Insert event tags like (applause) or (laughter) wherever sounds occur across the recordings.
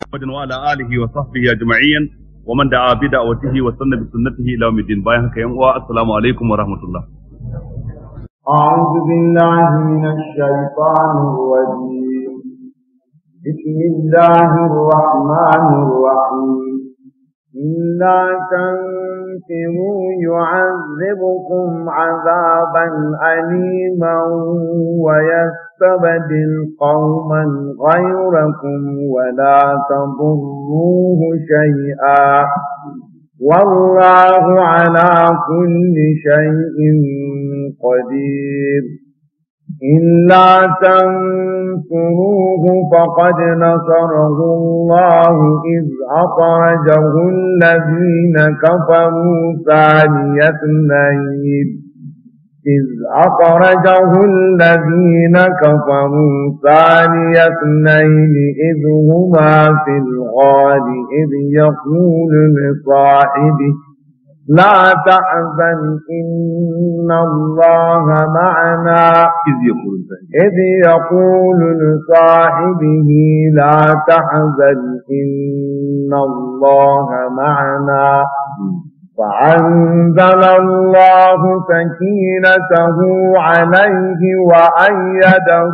محمد وعلى آله وصحبه أجمعين ومن دعا بدعوته وسن بسنته إلى يوم الدين باي هكا السلام عليكم ورحمة الله أعوذ بالله من الشيطان الرجيم بسم الله الرحمن الرحيم إلا تنفروا يعذبكم عذابا أليما ويسر يستبدل قوما غيركم ولا تضروه شيئا والله على كل شيء قدير إلا تنصروه فقد نصره الله إذ أخرجه الذين كفروا ثاني اثنين إذ أخرجه الذين كفروا ثاني اثنين إذ هما في الغار إذ يقول لصاحبه لا تحزن إن الله معنا إذ يقول إذ يقول لصاحبه لا تحزن إن الله معنا فأنزل الله سكينته عليه وأيده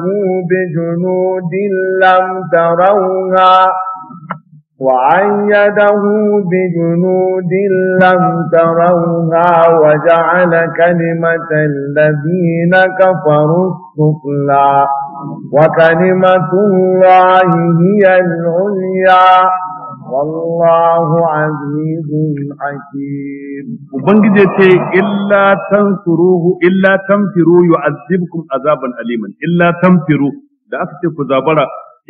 بجنود لم تروها وأيده بجنود لم تروها وجعل كلمة الذين كفروا السفلى وكلمة الله هي العليا Wallahu عزيز حكيم وبنجي ce illa تنصروه illa tanfiru يعذبكم azaban aliman, illa tanfiru da aka ce ku zabara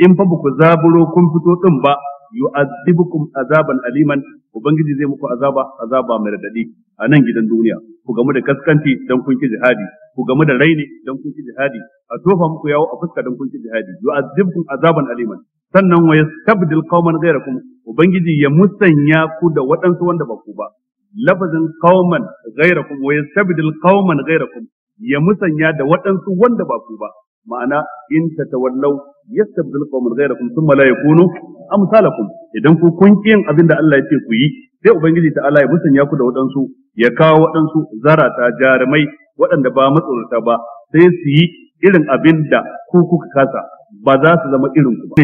in fa ku zaburo kun fito din ba yu'azzibukum azaban aliman ubangiji zai muku azaba azaba mai radadi a nan gidan duniya ku gamu da kaskanci dan kun ki jihadi ku gamu da raini dan kun ki jihadi a tofa muku yawo a fuska dan kun ki jihadi yu'azzibukum azaban aliman sannan wa yastabdil qauman ghayrakum ubangiji ya musanya ku da waɗansu wanda ba ku ba lafazin qauman ghayrakum wa yastabdil qauman ghayrakum ya musanya da waɗansu wanda ba ku ba ma'ana in tatawallaw yastabdil qauman ghayrakum thumma la yakunu amsalakum idan ku kun yin abin da Allah ya ce ku yi sai ubangiji ta Allah ya musanya ku da waɗansu ya kawo waɗansu zarata jarumai waɗanda ba matsorata ba sai su yi irin abin da ku kuka kasa ba za su zama irin ku ba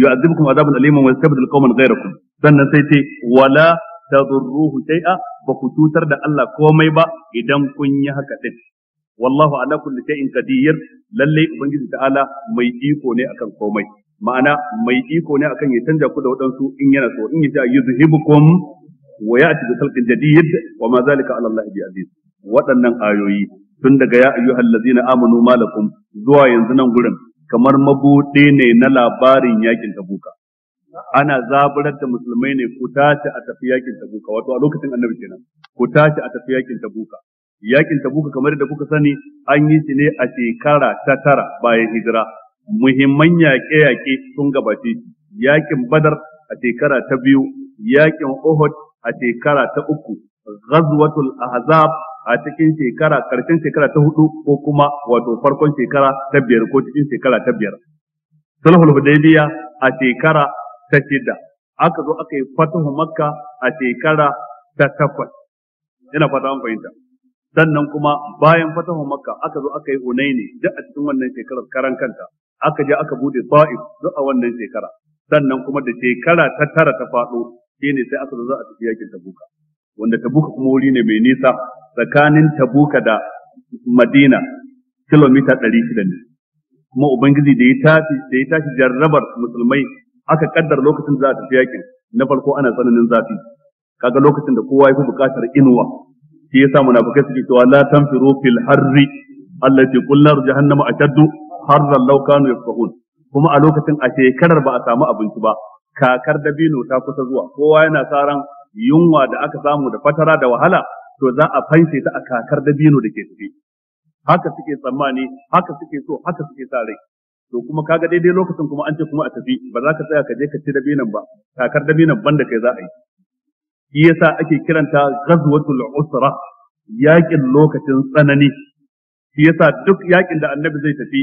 yu'azibukum azabun aliman wa yastabdil qauman ghayrakum sannan sai ce wala tadurruhu shay'a ba ku cutar da Allah komai ba idan kun yi haka din wallahu ala kulli shay'in qadir lalle ubangiji ta'ala mai iko ne akan komai ma'ana mai iko ne akan ya canja ku da wadansu in yana so in ya yuzhibukum wa ya'ti bi khalqin jadid wa ma zalika ala Allah bi aziz waɗannan ayoyi tun daga ya ayyuhal ladzina amanu malakum zuwa yanzu nan gurin kamar mabuɗe ne na labarin yakin tabuka ana zaburar da musulmai ne ku tashi a tafi yakin tabuka wato a lokacin annabi kenan ku tashi a tafi yakin tabuka yakin tabuka kamar da kuka sani an yi shi ne a shekara ta tara bayan hijira muhimman yaƙe-yaƙe sun gabace yakin badar a shekara ta biyu yakin uhud a shekara ta uku ghazwatul ahzab a cikin shekara karshen shekara ta hudu ko kuma wato farkon shekara ta biyar ko cikin shekara ta biyar sulhul hudaybiya a shekara ta shida aka zo aka yi fatahu makka a shekara ta takwas ina fata an fahimta sannan kuma bayan fatahu makka aka zo aka yi hunaini duk a cikin wannan shekarar karan kanta aka je aka bude ta'if duk a wannan shekara sannan kuma da shekara ta tara ta faɗo shine sai aka zo za a tafi yakin tabuka wanda tabuka kuma wuri ne mai nisa tsakanin tabuka da madina kilomita ɗari shida ne kuma ubangiji da ya tashi da ya tashi jarrabar musulmai aka kaddar lokacin da za a tafi yakin na farko ana tsananin zafi kaga lokacin da kowa ya fi bukatar inuwa shi yasa munafikai suke cewa la tanfiru fil harri allati kullar jahannama ashaddu harran law kanu yafqahun kuma a lokacin a shekarar ba a samu abinci ba kakar dabino ta kusa zuwa kowa yana saran yunwa da aka samu da fatara da wahala to za a fanshe ta a kakar dabino da ke tafi haka suke tsammani haka suke so haka suke sa rai to kuma kaga daidai lokacin kuma an ce kuma a tafi ba za ka tsaya ka je ka ci dabinan ba kakar dabinan ban da kai za a yi shi yasa ake kiranta ghazwatul usra yakin lokacin tsanani shi yasa duk yakin da annabi zai tafi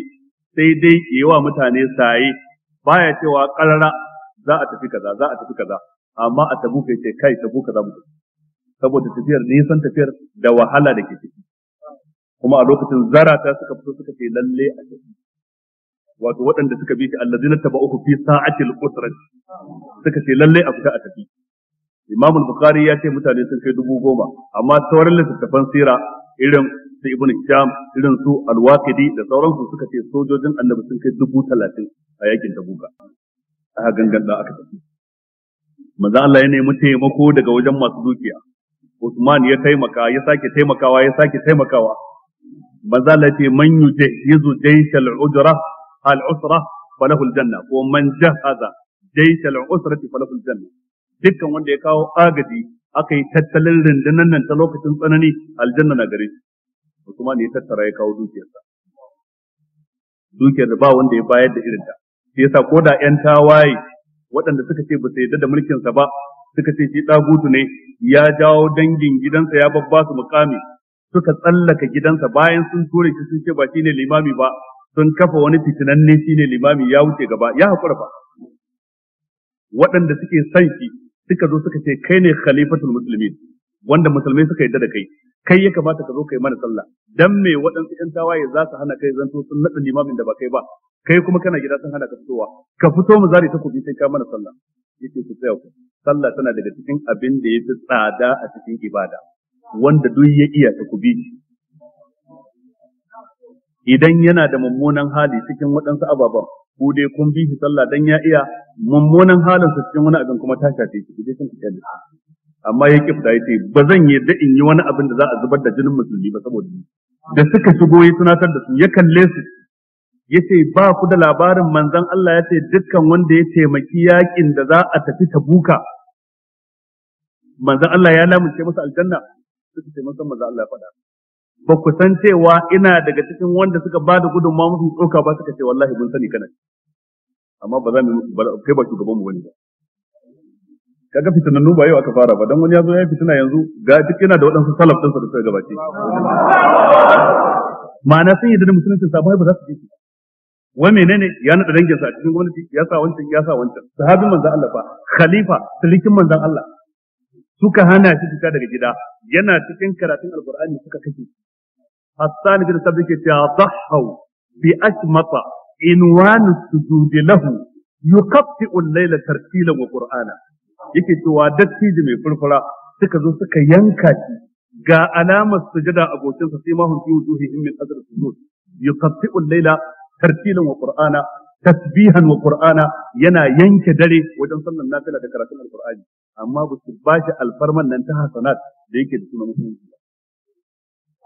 sai dai yawa mutane saye baya cewa karara za a tafi kaza za a tafi kaza amma a tabuka yace kai tabuka za mu saboda tafiyar nisan tafiyar da wahala da ke ciki kuma a lokacin zarata suka fito suka ce lalle a tafi wato waɗanda suka bi shi allazina taba'uhu fi sa'atil usrat suka ce lalle a fita a tafi imam al-bukhari ya ce mutane sun kai dubu goma amma sauran littattafan sira irin su ibnu hisham irin su al-waqidi da sauransu suka ce sojojin annabi sun kai dubu talatin a yakin tabuka a gangan da aka tafi manzo Allah ya nemi taimako daga wajen masu dukiya Usman ya taimaka ya sake taimakawa ya sake taimakawa manzo Allah ya ce man yuje jaysal jaishal ujra al usra falahu al janna ko man jahaza jaysal usrati falahu al janna dukkan wanda ya kawo agaji aka yi tattalin rundunan nan ta lokacin tsanani aljanna na gare shi Usman ya tattara ya kawo dukiyarsa dukiyar da ba wanda ya bayar da irinta shi yasa ko da 'yan tawaye waɗanda suka ce ba su yarda da mulkinsa ba suka ce shi ɗagutu ne ya jawo dangin gidansa ya babba su mukami suka tsallaka gidansa bayan sun ture shi sun ce ba shine limami ba sun kafa wani shi shine limami ya wuce gaba ya haƙura ba waɗanda suke son shi suka zo suka ce kai ne khalifatul Musulmi wanda musulmi suka yarda da kai kai ya kamata ka zo kai mana sallah dan me waɗansu ƴan tawaye za su hana kai zanto sun nada limamin da ba kai ba kai kuma kana gida sun hana ka fitowa ka fito mu zari ta kuɗi sai ka mana sallah yace ku tsaya ku sallah tana daga cikin abin da yafi tsada a cikin ibada wanda duk ya iya ta kubi idan yana da mummunan hali cikin waɗansu ababen ku dai kun bi sallah dan ya iya mummunan halin su cikin wani abin kuma ta shafe shi dai kun kalle amma ya kifta ya ce ba zan yi da in yi wani abin da za a zubar da jinin musulmi ba saboda ni da suka shigo ya tunatar da su ya kalle su ya ce ba ku da labarin manzon Allah ya ce dukkan wanda ya taimaki yakin da za a tafi tabuka manzon Allah ya lamunce masa aljanna suka ce masa manzon Allah ya faɗa ba ku san cewa ina daga cikin wanda suka ba da gudunmawa musu tsoka ba suka ce wallahi mun sani kana amma ba za mu kai ba shugaban mu bane ba kaga fitinannu ba yau aka fara ba dan wani ya zo ya fitina yanzu ga duk yana da waɗansu salaf ɗinsa da suka gabace ma'ana sun yi da musulunci sabai ba za su je Wai menene ya naɗa danginsa a cikin gwamnati ya sa wancan ya sa wancan sahabin manzon Allah fa khalifa salikin manzon Allah suka hana shi fita daga gida yana cikin karatun alqur'ani suka kashe Hassan bin Sabit ke cewa dhahu bi ashmata inwan sujudi lahu yuqatti'u al-layla tartila wa qur'ana yake cewa dattijo mai furfura suka zo suka yanka shi ga alamar sujada a gocinsa sai ma hum fi in min azr sujud yuqatti'u al-layla tartilan wa qur'ana tasbihan wa qur'ana yana yanke dare wajen sallan nafila da karatun alqur'ani amma ba su alfarman nan ta hasanat da yake da sunan musulunci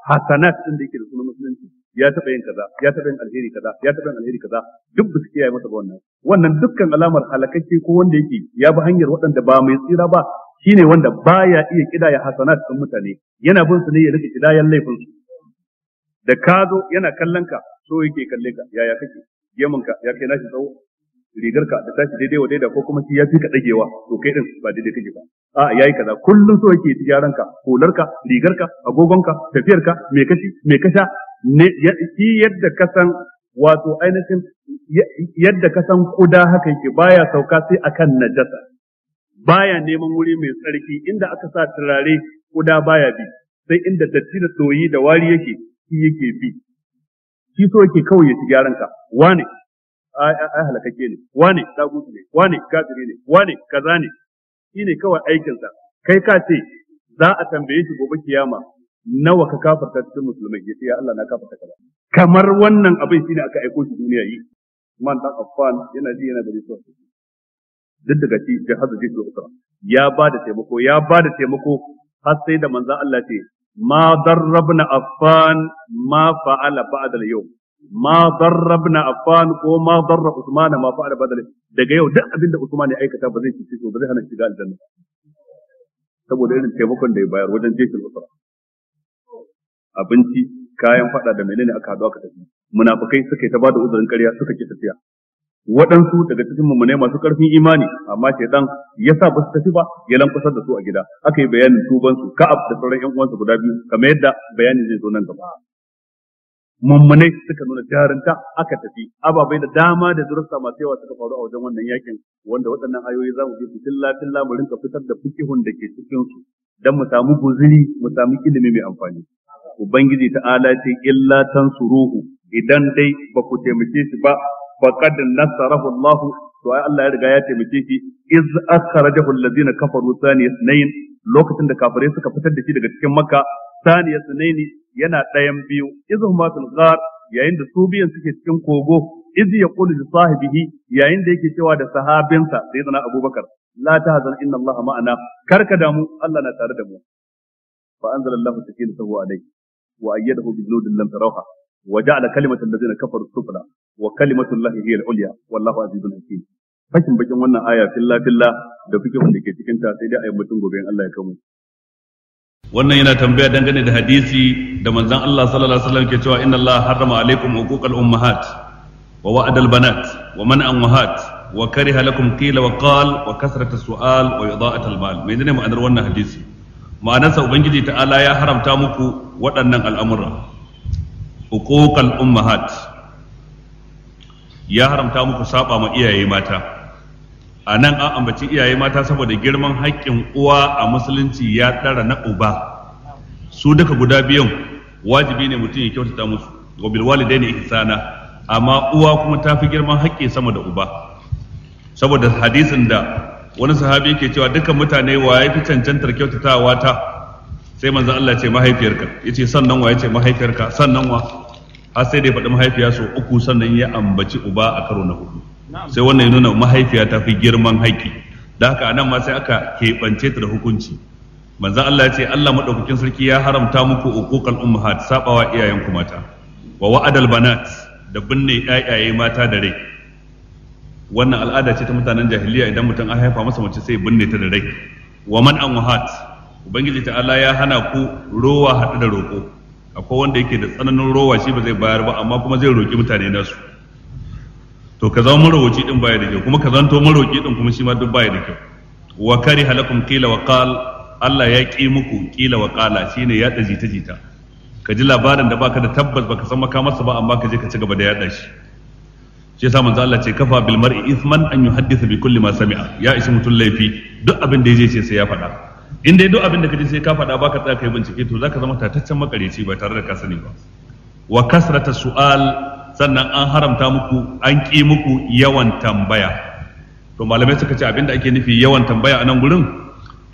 hasanat din da yake da sunan musulunci ya taɓa yin kaza ya taɓa yin alheri kaza ya taɓa yin alheri kaza duk ba su masa ba wannan wannan dukkan alamar halakakke ko wanda yake ya bi hanyar waɗanda ba mai tsira ba shine wanda baya iya kidaya hasanat kan mutane yana bin su ne ya rike kidayan laifin su da ka zo yana kallon ka so yake kalle ka yaya kake gemun ka ya kai nashi tsawo rigarka da tashi daidai wa daida ko kuma shi ya fi ka dagewa to kai din ba daidai kake ba a yayi kaza kullum so yake ji ka hularka rigarka agogonka ka, me kashi me kasha ne shi yadda ka san wato ainihin yadda ka san kuda haka yake baya sauka sai akan najasa baya neman wuri mai tsarki inda aka sa turare kuda baya bi sai inda datti da doyi da wari yake shi yake bi shi so yake kawai ya ci gyaran ka wane ai halakake ne wane dagutu ne wane kafiri ne wane kaza ne shine kawai aikinsa kai ka ce za a tambaye shi gobe kiyama nawa ka kafarta cikin musulmai yace ya Allah na kafarta kaza kamar wannan abin shine aka aiko shi duniya yi man dan affan yana ji yana da resource duk daga ci jahazu ji ukra ya ba da taimako ya ba da taimako har sai da manzon Allah ce ma darrabna affan ma fa'ala ba'da al-yawm ma darra ibn ko ma darra usman ma fa'ala badal daga yau duk da usman ya aikata ba zai ci ba zai hana shiga aljanna saboda irin taimakon da ya bayar wajen jefin usra abinci kayan fada da menene aka haɗu aka tafi munafikai suka ta bada uzurin ƙarya suka ki tafiya waɗansu daga cikin mummunai masu ƙarfin imani amma shaidan ya sa ba su tafi ba ya lankwasar da su a gida aka yi bayanin tubansu ka'ab da sauran ƴan uwansu guda biyu kamar yadda bayanin zai zo nan gaba mummunai suka nuna jarinta aka tafi ababai da dama da durusta masu yawa suka faru a wajen wannan yakin wanda waɗannan ayoyi za mu je fitilla fitilla mu rinka fitar da fikihun da ke cikin su dan mu samu guzuri mu samu ilimi mai amfani ubangiji ta ala ce illa tansuruhu idan dai ba ku taimake shi ba faqad nasarahu Allah to ai Allah ya riga ya taimake shi iz akhrajahu alladhina kafaru thaniya ithnain lokacin da kafirai suka fitar da shi daga cikin makka thaniya ithnain yana ɗayan biyu izu ma fil ghar yayin da su biyan suke cikin kogo izi ya qulu li sahibihi yayin da yake cewa da sahabinsa sayyidina abubakar la ta tahzan inna allah ma'ana karka damu allah na tare da mu fa anzalallahu sakinatahu alayhi wa ayyadahu bi junudin lam tarawha وجعل كلمة الذين كفروا السفلى وكلمة الله هي العليا والله عزيز حكيم fashin bakin wannan aya filla filla da kuke wanda ke cikin ta sai dai ayi mutum gobe Allah ya kamu wannan yana tambaya dangane da hadisi da manzon Allah sallallahu alaihi wasallam ke cewa inna Allah harrama alaikum huquqal ummahat wa wa'adal banat wa man'an wahat wa kariha lakum qila wa qal wa kasrata su'al wa ida'atal mal menene ma'anar wannan hadisi ma'anarsa ubangiji ta'ala ya haramta muku waɗannan al'amura huquqal ummahat ya haramta muku saba ma iyaye mata a nan an ambaci iyaye mata saboda girman haƙƙin uwa a musulunci ya ɗara na uba su duka guda biyan wajibi ne mutum ya kyautata musu wa bil walidaini ihsana amma uwa kuma ta fi girman haƙƙi sama da uba saboda hadisin da wani sahabi yake cewa dukkan mutane wa ya fi cancantar kyautatawa ta sai manzo Allah ce mahaifiyarka yace sannan wa yace mahaifiyarka sannan wa har sai da faɗi mahaifiya so uku sannan ya ambaci uba a karo na hudu sai wannan ya nuna mahaifiya ta fi girman haƙƙi da haka nan ma sai aka keɓance ta da hukunci Manzan Allah ya ce Allah maɗaukakin sarki ya haramta muku uquqal ummahat sabawa iyayen ku mata wa wa'adal banat da binne iyaye mata da rai wannan al'ada ce ta mutanen jahiliya idan mutum an haifa masa mace sai binne ta da rai wa man an wahat ubangiji ta Allah ya hana ku rowa haɗu da roƙo akwai wanda yake da tsananin rowa shi ba zai bayar ba amma kuma zai roƙi mutane nasu to ka zama marowaci din baya da kyau kuma ka zanto maroki din kuma shi ma duk baya da kyau wa kari halakum qila wa qal Allah ya ki muku qila wa qala shine ya da jita jita ka ji labarin da baka da tabbas baka san maka masa ba amma ka je ka ci gaba da yada shi shi yasa manzo Allah ce kafa bil mar'i ithman an yuhaddisa bi kulli ma sami'a ya ishi mutum laifi duk abin da yaje ce sai ya faɗa in dai duk abin da kaje sai ka faɗa baka tsaya kai bincike to zaka zama tataccen makareci ba tare da ka sani ba wa kasrata su'al sannan an haramta muku an ki muku yawan tambaya to malamai suka ce abinda ake nufi yawan tambaya a nan gurin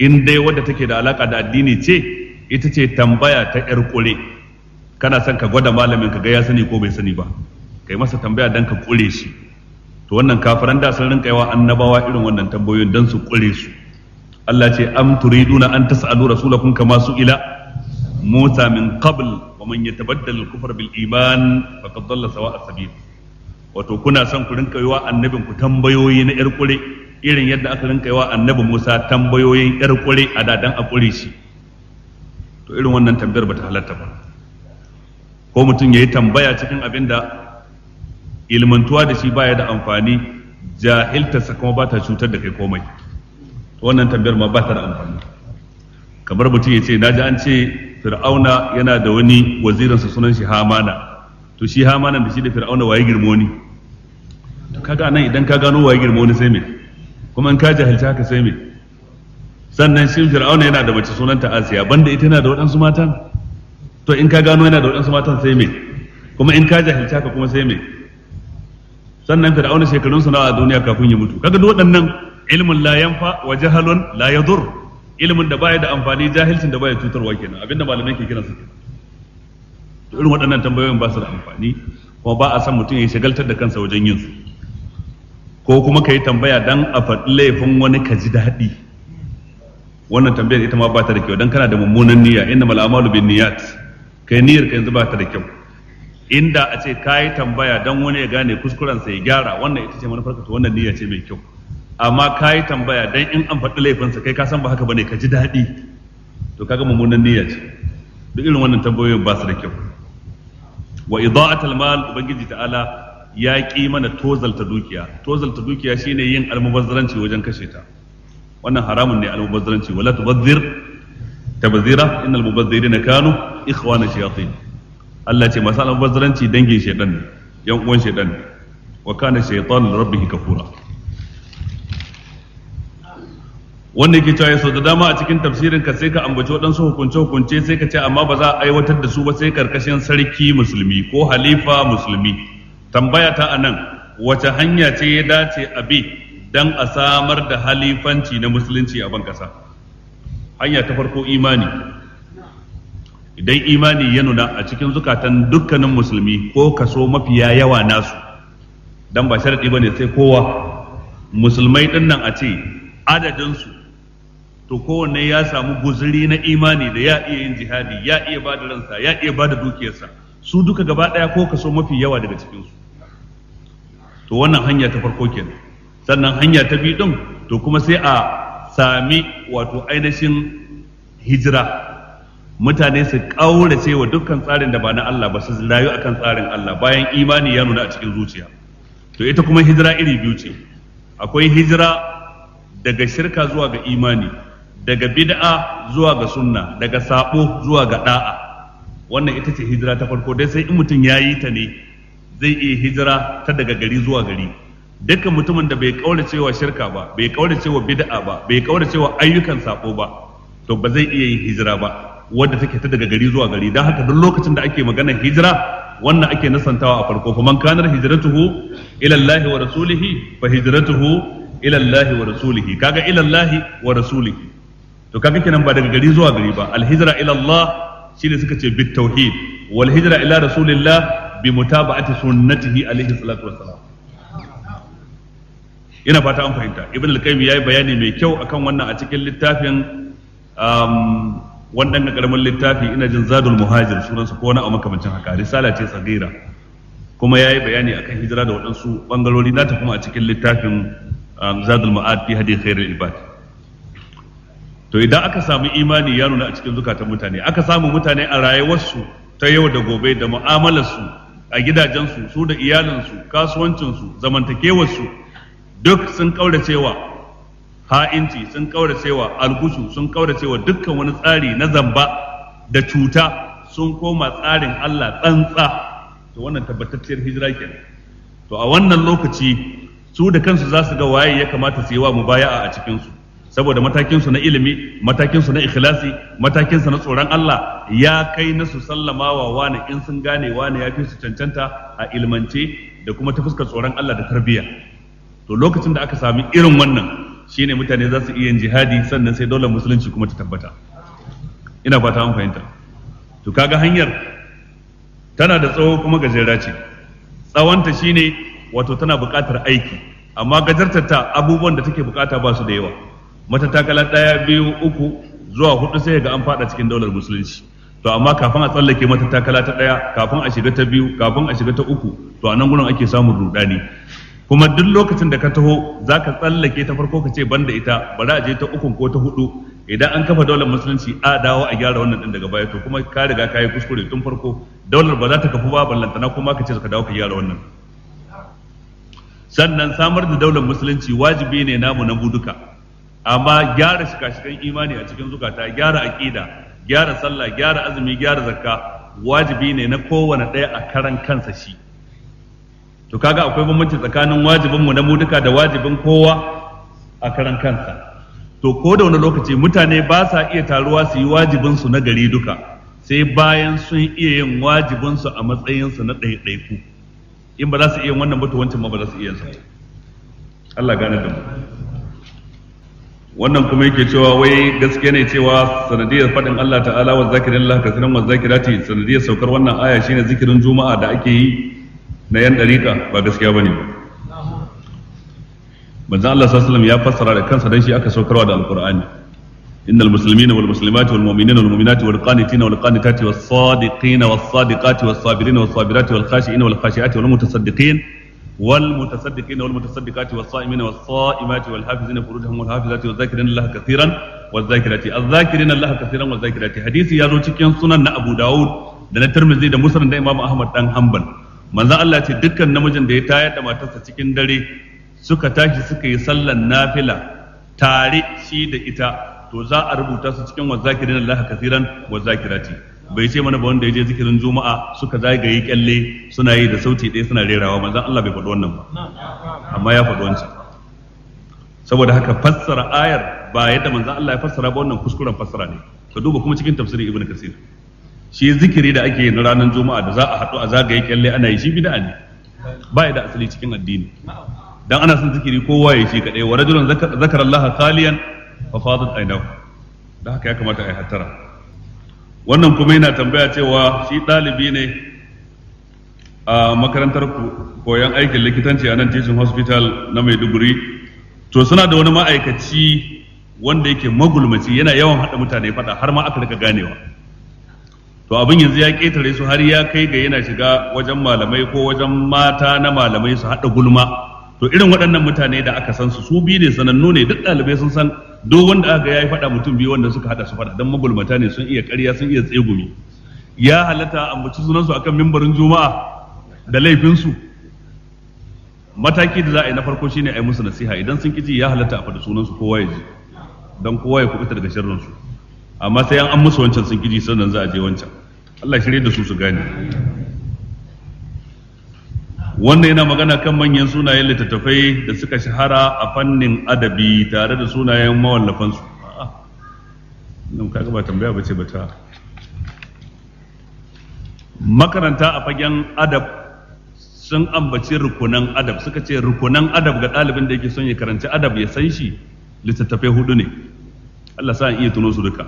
in dai wadda take da alaka da addini ce ita ce tambaya ta yar kure kana son ka gwada malamin ka ga ya sani ko bai sani ba kai masa tambaya dan ka kure shi to wannan kafiran da sun rinka yawa annabawa irin wannan tambayoyin dan su kure su Allah ce am turiduna an tas'alu rasulakum kama su ila Musa min qabl ومن يتبدل الكفر بالإيمان فقد ضل سواء السبيل wato kuna son ku rinka yi wa annabin ku tambayoyi na yar kure irin yadda aka rinka yi wa annabi Musa tambayoyin yar kure a dadan a kure shi to irin wannan tambayar bata halatta ba ko mutum yayi tambaya cikin abin da ilmantuwa da shi baya da amfani sa kuma ba ta cutar da kai komai To wannan tambayar ma ba ta da amfani kamar mutum ya ce na ji an ce fir'auna yana da wani sa sunan shi hamana to shi hamana da shi da fir'auna waye girmo ni to kaga nan idan ka gano waye girmo ni sai me kuma in ka jahilci haka sai me sannan shi fir'auna yana da mace sunanta asiya banda ita yana da waɗansu matan to in ka gano yana da waɗansu matan sai me kuma in ka jahilci haka kuma sai me sannan fir'auna shekarunsa nawa a duniya kafin ya mutu kaga duk waɗannan ilmun la yanfa wa jahalun la yadur ilimin da baya da amfani jahilcin da baya cutarwa kenan abinda malamai ke kiransa to irin waɗannan tambayoyin ba su da amfani kuma ba a san mutum ya shagaltar da kansa wajen yin su ko kuma ka yi tambaya dan a faɗi laifin wani ka ji daɗi wannan tambayar ita ma ba ta da kyau dan kana da mummunan niyya inna mal amalu bin niyyat kai niyyar ka yanzu ba ta da kyau inda a ce ka yi tambaya dan wani ya gane sa ya gyara wannan ita ce manufarka to wannan niyya ce mai kyau amma ka yi tambaya dan in an faɗi laifinsa kai ka san ba haka bane ka ji daɗi to kaga mummunan niyya ce duk irin wannan tambayoyin ba su da kyau wa ida'atul mal ubangiji ta'ala ya ƙi mana tozalta dukiya tozalta dukiya shine yin almubazzaranci wajen kashe ta wannan haramun ne almubazzaranci wala tubazzir tabzira innal mubazzirina kanu ikhwana shayatin Allah ce masu almubazzaranci dangin shaytan ne yan uwan shaytan ne wa kana shaytan li rabbih kafura wanda yake cewa sau da dama a cikin tafsirin ka sai ka ambaci waɗansu hukunce hukunce sai ka ce amma ba za a aiwatar da su ba sai karkashin sarki musulmi ko halifa musulmi tambaya ta anan wace hanya ce ya dace a bi dan a samar da halifanci na musulunci a ban kasa hanya ta farko imani idan imani ya nuna a cikin zukatan dukkanin musulmi ko kaso mafiya yawa nasu dan ba sharadi bane sai kowa musulmai dinnan a ce adadinsu to kowanne ya samu guzuri na imani da ya iya yin jihadi ya iya bada ransa ya iya bada dukiyarsa su duka gaba daya ko kaso mafi yawa daga cikinsu. su to wannan hanya ta farko kenan sannan hanya ta biyu din to kuma sai a sami wato ainihin hijira mutane su kaurace wa dukkan tsarin da ba na Allah ba su rayu akan tsarin Allah bayan imani ya nuna a cikin zuciya to ita kuma hijira iri biyu ce akwai hijira daga shirka zuwa ga imani daga bid'a zuwa ga sunna daga sabo zuwa ga da'a wannan ita ce hijira ta farko dai sai in mutum ya yi ta ne zai iya hijira ta daga gari zuwa gari dukkan mutumin da bai kaurace shirka ba bai kaurace bid'a ba bai kaurace ayyukan sabo ba to ba zai iya yin hijira ba wadda take ta daga gari zuwa gari dan haka duk lokacin da ake magana hijira wannan ake nasantawa a farko fa man kanar hijratuhu ila Allah wa rasulihi fa hijratuhu ila Allah wa rasulihi kaga ila Allah wa rasulihi to kaga kenan ba daga gari zuwa gari ba alhijra ila Allah shine suka ce bit tauhid wal hijra ila rasulillah bi mutaba'ati sunnatihi alaihi salatu wassalam ina fata an fahimta ibn al-qayyim yayi bayani mai kyau akan wannan a cikin littafin um, wannan na karamin littafi ina jin zadul muhajir sunansa ko wani a makamancin haka risala ce tsagira kuma yayi bayani akan hijira da waɗansu bangarori nata kuma a cikin littafin um, zadul ma'ad fi hadi khairul ibad to idan aka samu imani ya nuna a cikin zukatan mutane aka samu mutane a rayuwarsu ta yau da gobe da mu'amalarsu a gidajensu su da iyalinsu kasuwancinsu zamantakewarsu duk sun kauracewa ha'inci sun kauracewa algushu sun kauracewa dukkan wani tsari na zamba da cuta sun koma tsarin Allah tsantsa to wannan tabbatacciyar hijira kenan to a wannan lokaci su da kansu za su ga waye ya kamata su yi wa mubaya'a a cikinsu saboda matakin su na ilimi matakinsu na ikhlasi matakinsu na tsoron Allah ya kai na su sallamawa wani in sun gane wani ya fi su cancanta a ilmance da kuma ta fuskar tsoron Allah da tarbiyya to lokacin da aka sami irin wannan shine mutane za su iya jihadi sannan sai dole musulunci kuma ta tabbata ina fata an fahimta to kaga hanyar tana da tsawo kuma gajera ce tsawonta shine wato tana buƙatar aiki amma gajartar ta abubuwan da take buƙata ba su da yawa matatakala ɗaya biyu uku zuwa hudu sai ga an fada cikin daular musulunci to amma kafin a tsallake matatakala ta ɗaya kafin a shiga ta biyu kafin a shiga ta uku to a nan gurin ake samun rudani kuma duk lokacin da ka taho za ka tsallake ta farko ka ce ban da ita bari a je ta uku ko ta hudu idan an kafa daular musulunci a dawo a gyara wannan din daga baya to kuma ka riga ka yi kuskure tun farko daular ba za ta kafu ba ballantana kuma ka ce ka dawo ka gyara wannan sannan samar da daular musulunci wajibi ne namu na buduka. duka amma gyara shikashikan imani a cikin zukata gyara aqida gyara sallah gyara azumi gyara zakka wajibi ne na kowane ɗaya a karan kansa shi to kaga akwai bambanci tsakanin wajibin mu na mu duka da wajibin kowa a karan kansa to ko da wani lokaci mutane ba sa iya taruwa su yi wajibin su na gari duka sai bayan sun iya yin wajibin su a matsayin su na ɗaiɗaiku in ba za su iya wannan ba to wancan ma ba za su iya su Allah gane da mu wannan kuma yake cewa wai gaske ne cewa sanadiyar faɗin Allah ta'ala wa zakirin Allah kasiran wa zakirati sanadiyar saukar wannan aya shine zikirin juma'a da ake yi na yan dariƙa ba gaskiya bane ba manzon Allah sallallahu alaihi ya fassara da kansa dan shi aka saukarwa da alqur'ani innal muslimina wal muslimati wal mu'minina wal mu'minati wal qanitina wal qanitati was sadiqina was sadiqati was sabirina was sabirati wal khashiina wal khashiati wal mutasaddiqina والمتصدقين والمتصدقات والصائمين والصائمات والحافظين فروجهم والحافظات والذاكرين الله كثيرا والذاكرات الذاكرين الله كثيرا والذاكرات حديث يا زو cikin sunan na Abu da na Tirmidhi da musulun da Imam Ahmad dan Hanbal manzo Allah ce dukkan namijin da ya tayar da matarsa cikin dare suka tashi suka yi sallan nafila tare shi da ita to za a rubuta su cikin wazakirin Allah kasiran wazakirati bai ce mana ba wanda ya je zikirin juma'a suka zagaye kyalle suna yi da sauti ɗaya suna rerawa manzon Allah bai faɗi wannan ba amma ya faɗi wancan saboda haka fassara ayar ba yadda manzon Allah ya fassara ba wannan kuskuren fassara ne ka duba kuma cikin tafsirin ibnu kasir shi zikiri da ake yi na ranar juma'a da za a haɗu a zagaye kyalle ana yi shi bid'a ne ba da asali cikin addini dan ana son zikiri kowa ya shi kadai wa rajulun zakara Allah khaliyan fa fadat aynahu da haka ya kamata a hattara wannan kuma yana tambaya cewa shi ɗalibi ne a makarantar koyon aikin likitanci a nan teaching hospital na maiduguri to suna da wani ma'aikaci wanda yake magulmaci yana yawan haɗa mutane faɗa har ma aka rika ganewa to abin yanzu ya ƙetare su har ya kai ga yana shiga wajen malamai ko wajen mata na malamai su haɗa gulma to irin waɗannan mutane da aka san su su biyu ne sanannu ne duk ɗalibai sun san duk wanda aka yi faɗa mutum biyu wanda suka hada su faɗa don magulmata ne sun iya ƙarya sun iya tsegumi ya halatta ambaci sunansu akan mimbarin juma'a da laifinsu mataki da za a yi na farko shine a yi musu nasiha idan sun kici ya halatta a faɗi sunansu kowa ya ji don kowa ya kubuta daga sharrinsu amma sai an musu wancan sun kici sannan za a je wancan Allah shirye da su su gane wannan yana magana kan manyan sunayen littattafai da suka shahara a fannin adabi tare da sunayen mawallafansu nan kaga ba tambaya ba ce ba ta makaranta a fagen adab sun ambaci rukunan adab suka ce rukunan adab ga ɗalibin da yake son ya karanci adab ya san shi littattafai hudu ne Allah sa iya tuno su duka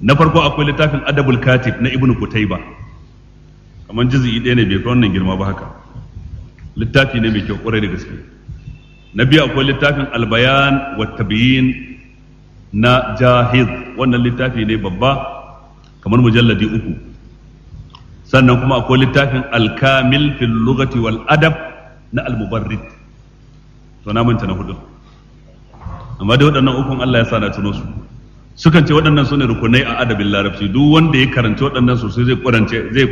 na farko akwai littafin adabul katib na ibnu kutaiba kamar jizi'i ɗaya ne bai fi wannan girma ba haka littafi ne mai kyau kwarai da gaske na biyu akwai littafin albayan wa tabiyin na jahiz wannan littafi ne babba kamar mujalladi uku sannan kuma akwai littafin alkamil fil lugati wal adab na almubarrid to na manta na hudu amma dai waɗannan ukun Allah ya sa na tuno su sukan ce waɗannan su ne rukunai a adabin larabci duk wanda ya karanci waɗannan sosai zai zai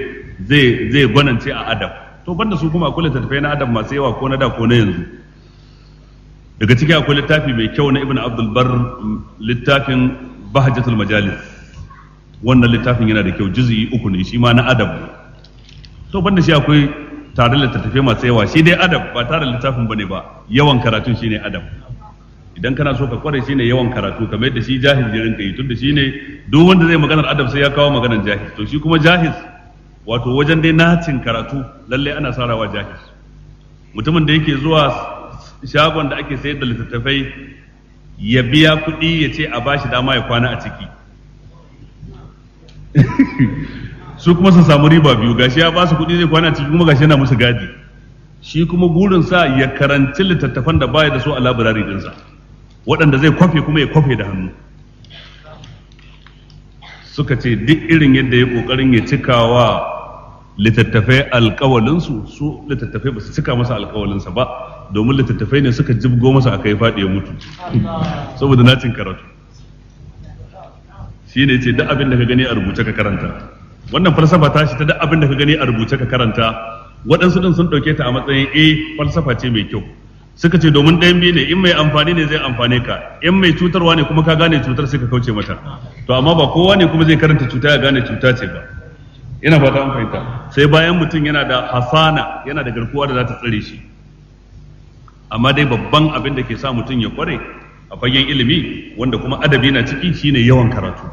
zai zai gwanance a adab to banda su kuma akwai littattafai na adam masu yawa ko na da ko na yanzu daga ciki akwai littafi mai kyau na ibn abdul bar littafin bahjatul majalis wannan littafin yana da kyau juz'i uku ne shi ma na adam to banda shi akwai tare littattafai masu yawa shi dai adam ba tare littafin bane ba yawan karatun shine adam. idan kana so ka kware shi ne yawan karatu kamar yadda shi jahiz jirin ka yi tunda ne duk wanda zai maganar adab sai ya kawo maganar jahiz to shi kuma jahiz wato wajen dai nacin karatu lalle ana sarawa jahil mutumin da yake zuwa shagon da ake sayar da littattafai ya biya kuɗi ya ce a bashi dama ya kwana a ciki su kuma su samu riba biyu gashi ya ba su kuɗi zai kwana a ciki kuma gashi yana musu gadi shi kuma gurin sa ya karanci littattafan da baya da su a labirari dinsa waɗanda zai kwafe kuma ya kwafe da hannu suka ce duk irin yadda ya kokarin ya cika wa littattafai alkawalinsu su littattafai ba su cika masa alkawalinsa ba domin littattafai ne suka jibgo masa aka yi faɗi ya mutu saboda nacin karatu shi ne ce duk abin da ka gani a rubuce ka karanta wannan falsafa ta shi ta duk abin da ka gani a rubuce ka karanta waɗansu ɗin sun ɗauke ta a matsayin a eh, falsafa ce mai kyau suka ce domin ɗayan biyu ne in mai amfani ne zai amfane ka in mai cutarwa ne kuma ka gane cutar sai ka kauce mata to amma ba kowa ne kuma zai karanta cuta ya gane cuta ce ba ina fata an fahimta sai bayan mutum yana da hasana yana da garkuwa da za ta tsare shi amma dai babban abin da ke sa mutum ya kware a fagen ilimi wanda kuma adabi na ciki shine yawan karatu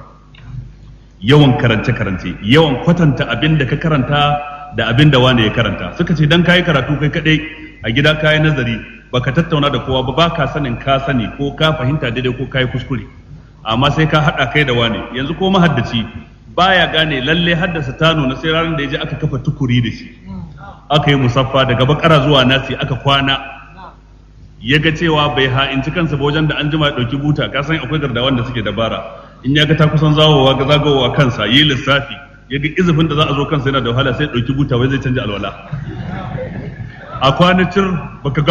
yawan karance karance yawan kwatanta abin da ka karanta da abin da wani ya karanta suka ce dan kayi karatu kai kadai a gida kayi nazari baka tattauna da kowa ba baka sanin ka sani ko ka fahimta daidai ko kai kuskure amma sai ka hada kai da wani yanzu ko mahaddaci baya gane lalle haddasa tano na sai ranar da je aka kafa tukuri da shi aka yi musaffa daga bakara zuwa nasi aka kwana ya ga cewa bai ha'inci kansa ba wajen da an jima ya dauki buta ka san akwai gardawan da suke dabara in ya ga ta kusan zawowa ga zagowa kansa yi lissafi ya ga izifin da za a zo kansa yana da wahala sai ya dauki buta wai zai canja alwala a kwanacin (laughs) baka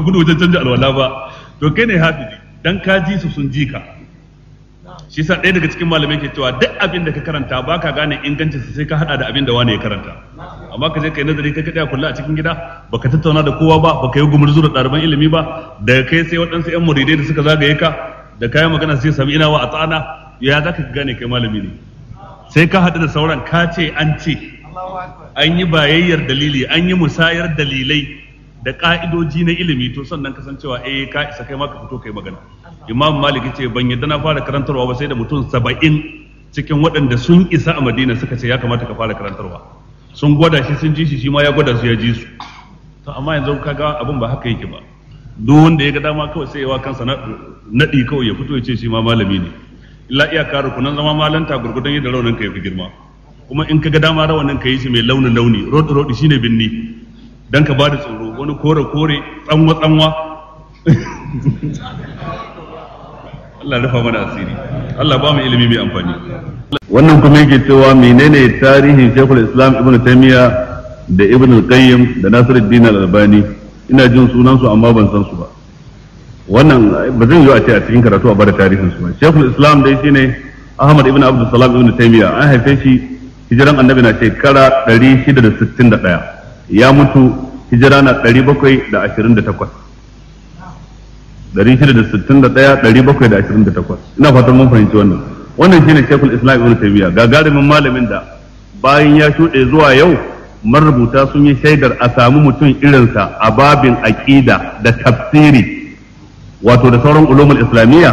gudu wajen canja alwala ba to kai ne hafizi dan ka ji su sun ji ka shi sa ɗaya daga cikin malamai ke cewa duk abin da ka karanta ba ka gane ingancinsa sai ka hada da abin da wani ya karanta amma ka je ka yi nazari kai kada kula a cikin gida baka tattauna da kowa ba baka yi gumurzu da ɗaliban ilimi ba Da kai sai waɗansu 'yan muridai da suka zagaye ka da kayan magana sai sami ina wa a tsana ya za ka gane kai malami ne sai ka haɗu da sauran ka ce an ce an yi bayayyar dalili an yi musayar dalilai da ka'idoji na ilimi to sannan kasancewa eh ka isa kai ma ka fito kai magana imam malik ce ban yadda na fara karantarwa ba sai da mutum saba'in cikin waɗanda sun isa a madina suka ce ya kamata ka fara karantarwa sun gwada shi sun ji shi shi ma ya gwada su ya ji su to amma yanzu kaga abin ba haka yake ba duk wanda ya ga dama kawai sai yawa kansa naɗi kawai ya fito ya ce shi ma malami ne illa iya karu kunan zama malanta gurgudan yadda raunin ka ya fi girma kuma in kaga dama nan ka yi shi mai launin launi rodi rodi shine binni dan ka bada tsoro wani kore kore tsanwa tsanwa (laughs) Allah rufa mana asiri Allah ba mu ilimi mai amfani wannan kuma yake cewa menene tarihin Sheikhul Islam Ibn Taymiyyah da Ibn qayyim da Nasiruddin Al-Albani ina jin sunan su amma ban san su ba wannan ba zan yi a ce a cikin karatu a bar tarihin su ba Sheikhul Islam dai shine Ahmad Ibn Abdul Salam Ibn Taymiyyah an haife shi hijiran annabi na shekara 661 ya mutu hijira na 728 661 ina fatan mun fahimci wannan wannan shi ne shekul islam ibn taymiya gagarumin malamin da bayan ya shuɗe zuwa yau marubuta sun yi shaidar a samu mutum irinsa a babin aƙida da tafsiri wato da sauran ulumul islamiyya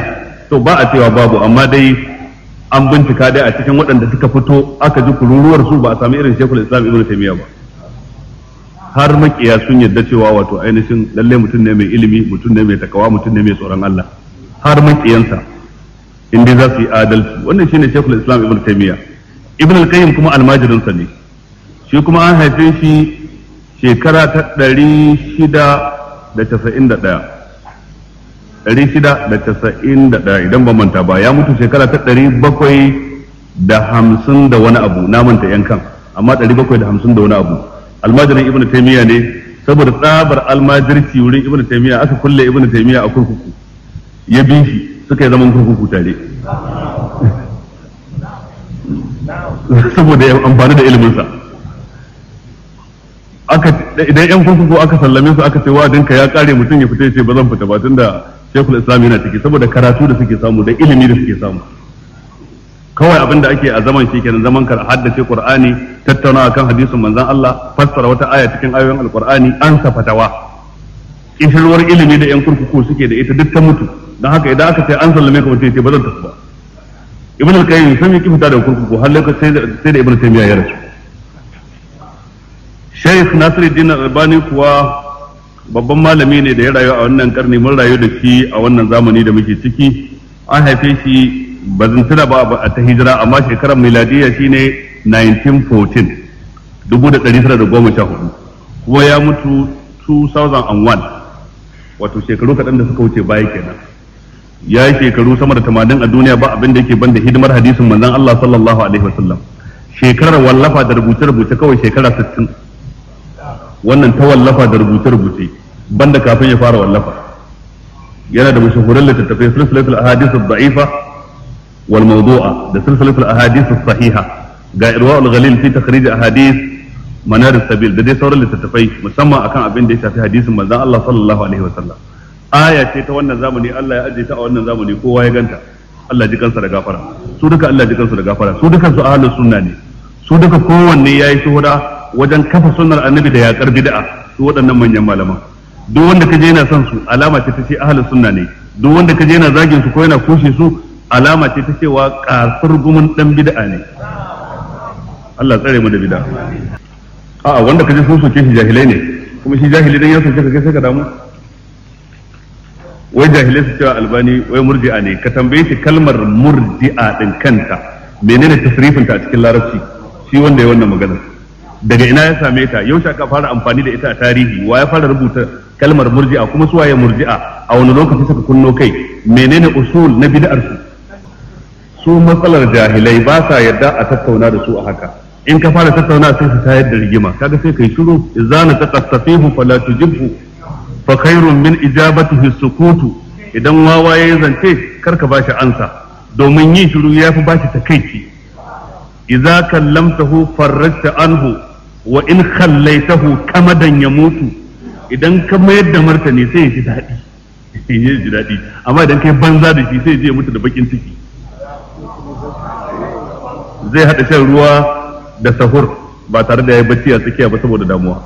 to ba a cewa babu amma dai an bincika dai a cikin waɗanda suka fito aka ji kururuwar su ba a sami irin shekul islam ibn taimiyya ba har makiya sun yadda cewa wato ainihin lalle mutum ne mai ilimi mutum ne mai takawa mutum ne mai tsoron Allah har makiyansa in dai za su yi adalci wannan shine shekul islam ibn taimiyya ibn al-qayyim kuma almajirinsa ne shi kuma an haife shi shekara ta 691 ɗari shida da casa'in da ɗaya idan ban manta ba ya mutu shekara ta ɗari bakwai da hamsin da wani abu na manta yan kan amma ɗari bakwai da hamsin da wani abu almajirin ibn taimiyya ne saboda tsabar almajirci wurin ibn taimiyya aka kulle ibn taimiyya a kurkuku ya bin shi suka yi zaman kurkuku tare (laughs) saboda amfani da iliminsa idan yan kurkuku aka sallame su aka ce wa dinka ya kare mutum ya fita ya ce ba zan fita ba tunda shekul islam yana ciki saboda karatu da suke samu da ilimi da suke samu kawai abin da ake a zaman shi kenan zaman kar haddace qur'ani tattauna kan hadisin manzon Allah fassara wata aya cikin ayoyin alqur'ani an safatawa kishirwar ilimi da yan kurkuku suke da ita duk ta mutu don haka idan aka ce an sallame ka mutum ce ba zan tafi ba ibn al-qayyim sun yi kifta da kurkuku har lokacin sai da ibn taymiya ya rasu shaykh nasiruddin albani kuwa babban malami ne da ya rayu a wannan karni mun rayu da shi a wannan zamani da muke ciki an haife shi ba tuna ba a ta hijira amma shekarar miladiya shine 1914 1914 kuma ya mutu 2001 wato shekaru kaɗan da suka wuce baya kenan ya yi shekaru sama da tamanin a duniya ba abin da yake ban da hidimar hadisin manzon Allah sallallahu alaihi wasallam shekarar wallafa da rubuce-rubuce kawai shekara sittin. wannan ta wallafa da rubuce-rubuce banda kafin ya fara wallafa yana da mashahuran littattafai silsilatul ahadith ad-da'ifa wal mawdu'a da silsilatul ahadith as-sahiha ga irwaul ghalil fi takhrij ahadith manar sabil da dai sauran littattafai musamman akan abin da ya shafi hadisin manzon Allah sallallahu alaihi wasallam aya ce ta wannan zamani Allah ya ajiye ta a wannan zamani kowa ya ganta Allah ji kansa da gafara su duka Allah ji kansa da gafara su duka su ahlus sunna ne su duka kowanne yayi shuhura wajen kafa sunnar annabi da yakar bid'a su waɗannan manyan malaman duk wanda kaje yana son su alama ce ta ce ahlus sunna ne duk wanda kaje yana zagin su ko yana kushe su alama ce ta cewa kasar gumin dan bid'a ne Allah tsare mu da bid'a a'a wanda kaje sun soke shi jahilai ne kuma shi jahili dan ya soke ka kai sai ka damu wai jahilai su cewa albani wai murji'a ne ka tambaye shi kalmar murji'a din kanta menene tasrifinta a cikin larabci shi wanda ya wannan magana daga ina ya same ta yau aka fara amfani da ita a tarihi wa ya fara rubuta kalmar murji'a kuma su waye murji'a a wani lokaci suka kunno kai menene usul na bid'ar su su matsalar jahilai ba sa yadda a tattauna da su a haka in ka fara tattauna sai su tayar da rigima kaga sai kai shiru izana taqassafihu fala tujibhu fa khairun min ijabatihi sukutu idan wawa ya zance kar ka bashi ansa domin yin shiru yafi bashi takaici idza kallamtahu farrajta anhu wa in khallaitahu kamadan ya mutu idan ka mayar da martani sai ya ji daɗi (laughs) ya ji daɗi amma idan kai banza da shi sai ya je mutu da bakin ciki zai haɗa shan ruwa da sahur ba tare da ya yi bacci a tsakiya ba saboda damuwa